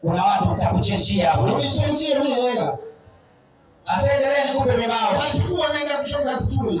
Kuna watu utakuchenjia hapo. Unichenjie mimi hela. Asa endelee nikupe mibao. Nachukua kuchonga stuli.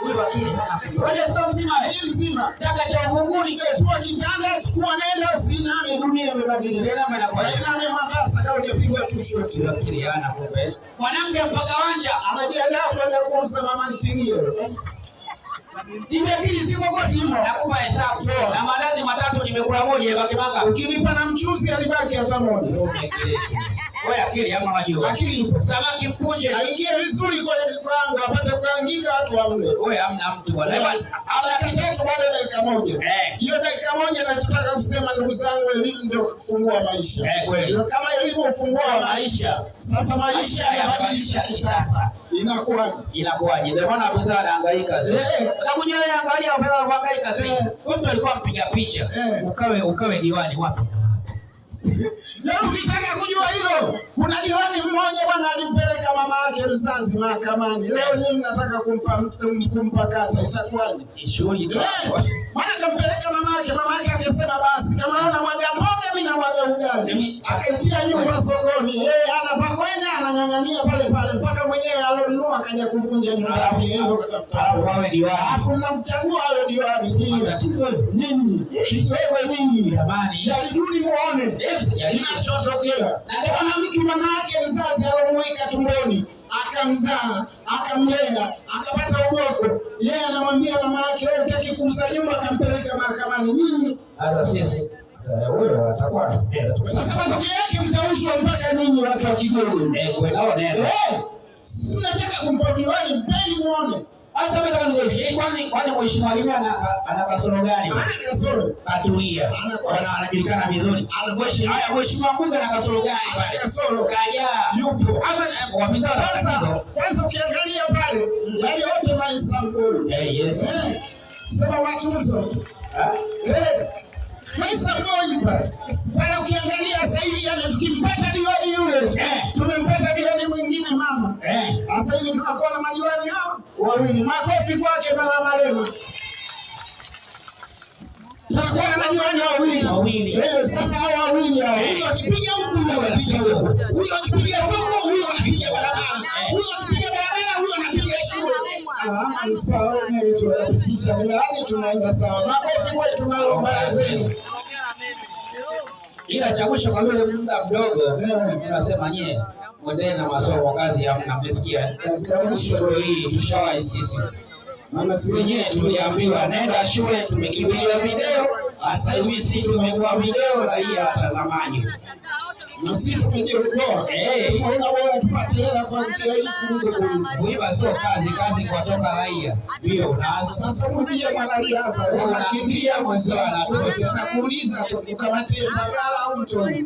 huyu mwanamke mpaka wanja anajiandaa kwenda kuuza mama ntinio Nimekili siko kwa simu nakupa hesabu na maandazi matatu nimekula moja ibaki manga. Ukinipa na mchuzi alibaki hata moja. Wewe akili ama wajua. Akili ipo. Samaki mpunje. Aingie vizuri kwa kanga apate kuangika watu wamle. Wewe hamna mtu bwana. Atakatazwa baada ya dakika moja. Eh. Hiyo dakika moja nataka kusema ndugu zangu elimu ndio kufungua maisha. Eh, kweli. Kama elimu ufungua maisha. Sasa maisha yanabadilisha kitasa. Inakuwaje? Inakuwaje? Ndio maana eh. eh. mtu anahangaika. Unakuja wewe angalia umeangaika. Wewe alikuwa mpiga picha. Ukawe ukawe diwani wapi? Leo ukitaka kujua hilo, kuna diwani mmoja bwana alimpeleka mama yake mzazi mahakamani. Leo nyinyi mnataka kumpa kumpa kata, itakuwaje? Shughuli. Eh, maana kampeleka mama yake, mama yake akasema basi kama ana mwaga na mwaga ugali, akaitia nyumba sokoni. Yeye ana pa anang'ang'ania pale pale mpaka mwenyewe alonunua akaja kuvunja nyumba yake, Yeye yendo katafuta. Alafu mnamchagua awe diwani. Nyinyi kidogo, nyinyi jaribuni muone kinachotokea. Kama mtu mama yake mzazi alomweka tumboni akamzaa akamlea akapata uboko. Yeye anamwambia mama yake, wewe utaki kumzaa nyumba, akampeleka mahakamani. Nyinyi hata sisi sasa matokeo yake mtauzwa mpaka nini? Watu wa Kigogo, si eh, eh, nataka kumpa diwani, mpeni muone eh, Kwani mheshimiwa Limi ana kasoro gani? Katulia, anajulikana vizuri. Haya, mheshimiwa Mbunge ana kasoro gani? Kajaa. Kwanza ukiangalia pale mm. yale yaani yote maisha, sema matunzo Maisa Boiba bana, ukiangalia sasa hivi yani, tukimpata diwani yule eh, tumempata diwani mwingine mama eh, sasa hivi tunakuwa na madiwani hao wawili. Makofi kwake bana Malema, tunakuwa na madiwani wawili wawili. Eh, sasa hao wawili hao, huyo akipiga huku, huyo anapiga huko, huyo akipiga soko, huyo anapiga barabara, huyo akipiga sawa, manispaa wenyewe tunapitisha wilayani, tunaenda sawa. Makofi kwetu, tunalo mbaya zenu ila cha mwisho kwa mbele muda mdogo, tunasema nyie mwendelee na masomo, kazi hamna. Mmesikia kazi ya mwisho hii, tushawahi sisi, maana si wenyewe tuliambiwa nenda shule, tumekimbilia video sasa hivi si tumekuwa video la hii hata zamani na sisi eh, tumejiokoa, tunaona bora tupate hela kwa njia hii kuliko kuiba. Sio kazi, kazi kwa toka raia hiyo. Na sasa mmoja mwanariadha anakimbia mwenzao anatoka, nakuuliza tukamatie Mbagala au Mtoni?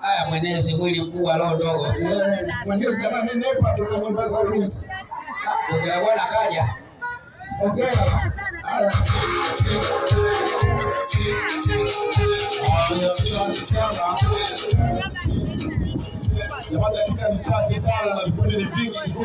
Haya, mwenezi mwili mkubwa, roho ndogo, mwenezi ananenepa, tunanyumba za ulinzi. Ndio bwana kaja. Okay. Jamani, dakika ni chache sana na vikundi ni vingi.